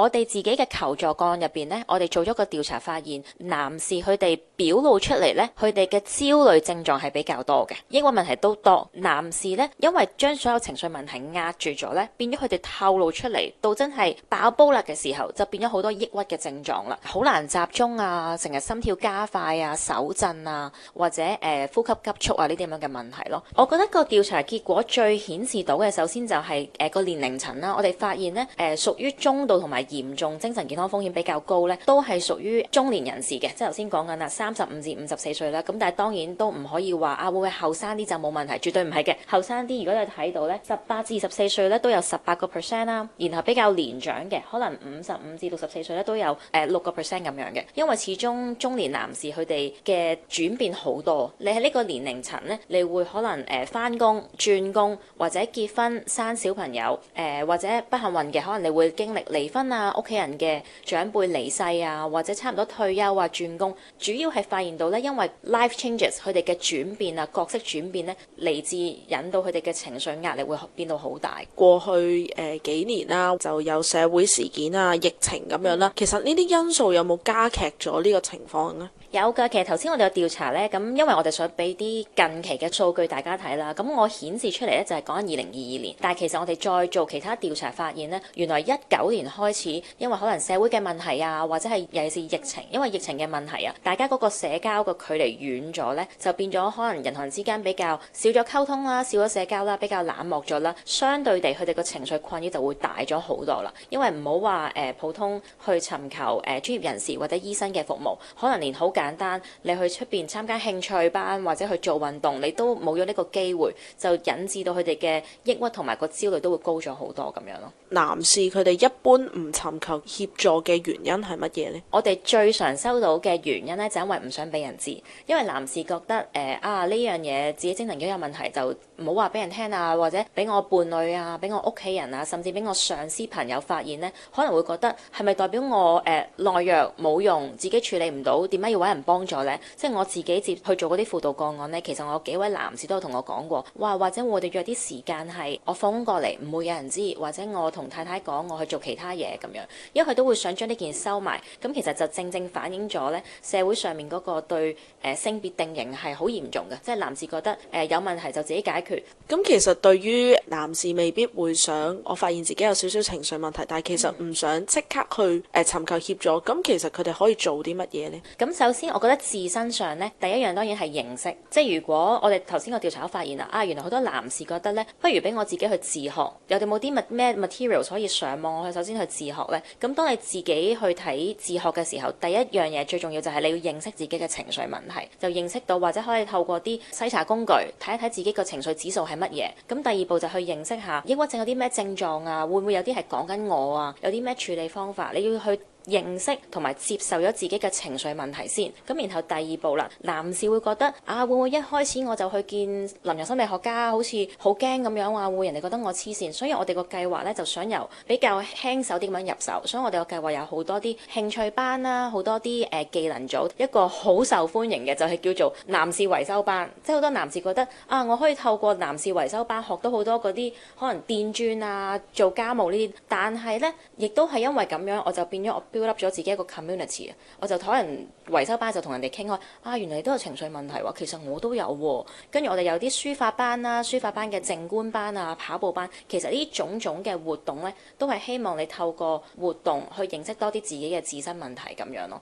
我哋自己嘅求助個案入邊呢，我哋做咗個調查，發現男士佢哋表露出嚟呢，佢哋嘅焦慮症狀係比較多嘅，抑鬱問題都多。男士呢，因為將所有情緒問題壓住咗呢，變咗佢哋透露出嚟，到真係爆煲啦嘅時候，就變咗好多抑鬱嘅症狀啦，好難集中啊，成日心跳加快啊、手震啊，或者誒、呃、呼吸急促啊呢啲咁樣嘅問題咯。我覺得個調查結果最顯示到嘅，首先就係誒個年齡層啦。我哋發現呢，誒屬於中度同埋，嚴重精神健康風險比較高咧，都係屬於中年人士嘅，即係頭先講緊啦，三十五至五十四歲咧。咁但係當然都唔可以話啊，會唔會後生啲就冇問題，絕對唔係嘅。後生啲如果你睇到咧，十八至二十四歲咧都有十八個 percent 啦，然後比較年長嘅，可能五十五至六十四歲咧都有誒六個 percent 咁樣嘅，因為始終中年男士佢哋嘅轉變好多。你喺呢個年齡層咧，你會可能誒翻工轉工，或者結婚生小朋友，誒或者不幸運嘅，可能你會經歷離婚啊。啊！屋企人嘅長輩離世啊，或者差唔多退休啊、轉工，主要係發現到咧，因為 life changes 佢哋嘅轉變啊、角色轉變咧，嚟自引導佢哋嘅情緒壓力會變到好大。過去誒、呃、幾年啦，就有社會事件啊、疫情咁樣啦。其實呢啲因素有冇加劇咗呢個情況咧？有㗎。其實頭先我哋有調查咧，咁因為我哋想俾啲近期嘅數據大家睇啦。咁我顯示出嚟咧就係講緊二零二二年，但係其實我哋再做其他調查發現咧，原來一九年開始。因為可能社會嘅問題啊，或者係尤其是疫情，因為疫情嘅問題啊，大家嗰個社交嘅距離遠咗咧，就變咗可能人同人之間比較少咗溝通啦，少咗社交啦，比較冷漠咗啦，相對地佢哋個情緒困擾就會大咗好多啦。因為唔好話誒普通去尋求誒、呃、專業人士或者醫生嘅服務，可能連好簡單你去出邊參加興趣班或者去做運動，你都冇咗呢個機會，就引致到佢哋嘅抑鬱同埋個焦慮都會高咗好多咁樣咯。男士佢哋一般唔尋求協助嘅原因係乜嘢呢？我哋最常收到嘅原因呢，就是、因為唔想俾人知，因為男士覺得誒、呃、啊呢樣嘢自己精神都有問題，就唔好話俾人聽啊，或者俾我伴侶啊、俾我屋企人啊，甚至俾我上司朋友發現呢，可能會覺得係咪代表我誒懦弱冇用，自己處理唔到，點解要揾人幫助呢？即係我自己接去做嗰啲輔導個案呢，其實我幾位男士都有同我講過，哇，或者我哋約啲時間係我放過嚟，唔會有人知，或者我同太太講我去做其他嘢咁。因為佢都會想將呢件收埋，咁其實就正正反映咗呢社會上面嗰個對性別定型係好嚴重嘅，即係男士覺得誒有問題就自己解決。咁其實對於男士未必會想我發現自己有少少情緒問題，但係其實唔想即刻去誒尋求協助。咁、嗯、其實佢哋可以做啲乜嘢呢？咁首先我覺得自身上呢，第一樣當然係認識，即係如果我哋頭先個調查都發現啦，啊原來好多男士覺得呢，不如俾我自己去自學，有冇啲咩 materials 可以上網去首先去自。學咧，咁當你自己去睇，自學嘅時候，第一樣嘢，最重要就係你要認識自己嘅情緒問題，就認識到或者可以透過啲篩查工具睇一睇自己個情緒指數係乜嘢。咁第二步就去認識下抑鬱症有啲咩症狀啊，會唔會有啲係講緊我啊，有啲咩處理方法，你要去。認識同埋接受咗自己嘅情緒問題先，咁然後第二步啦，男士會覺得啊，會唔會一開始我就去見臨牀心理學家，好似好驚咁樣啊？會人哋覺得我黐線，所以我哋個計劃呢，就想由比較輕手啲咁樣入手，所以我哋個計劃有好多啲興趣班啦、啊，好多啲誒技能組，一個好受歡迎嘅就係、是、叫做男士維修班，即係好多男士覺得啊，我可以透過男士維修班學到好多嗰啲可能電鑽啊、做家務呢啲，但係呢，亦都係因為咁樣，我就變咗我。Build up 咗自己一個 community 啊，我就同人維修班就同人哋傾開，啊，原來你都有情緒問題喎，其實我都有喎。跟住我哋有啲書法班啦、書法班嘅靜觀班啊、跑步班，其實呢種種嘅活動呢，都係希望你透過活動去認識多啲自己嘅自身問題咁樣咯。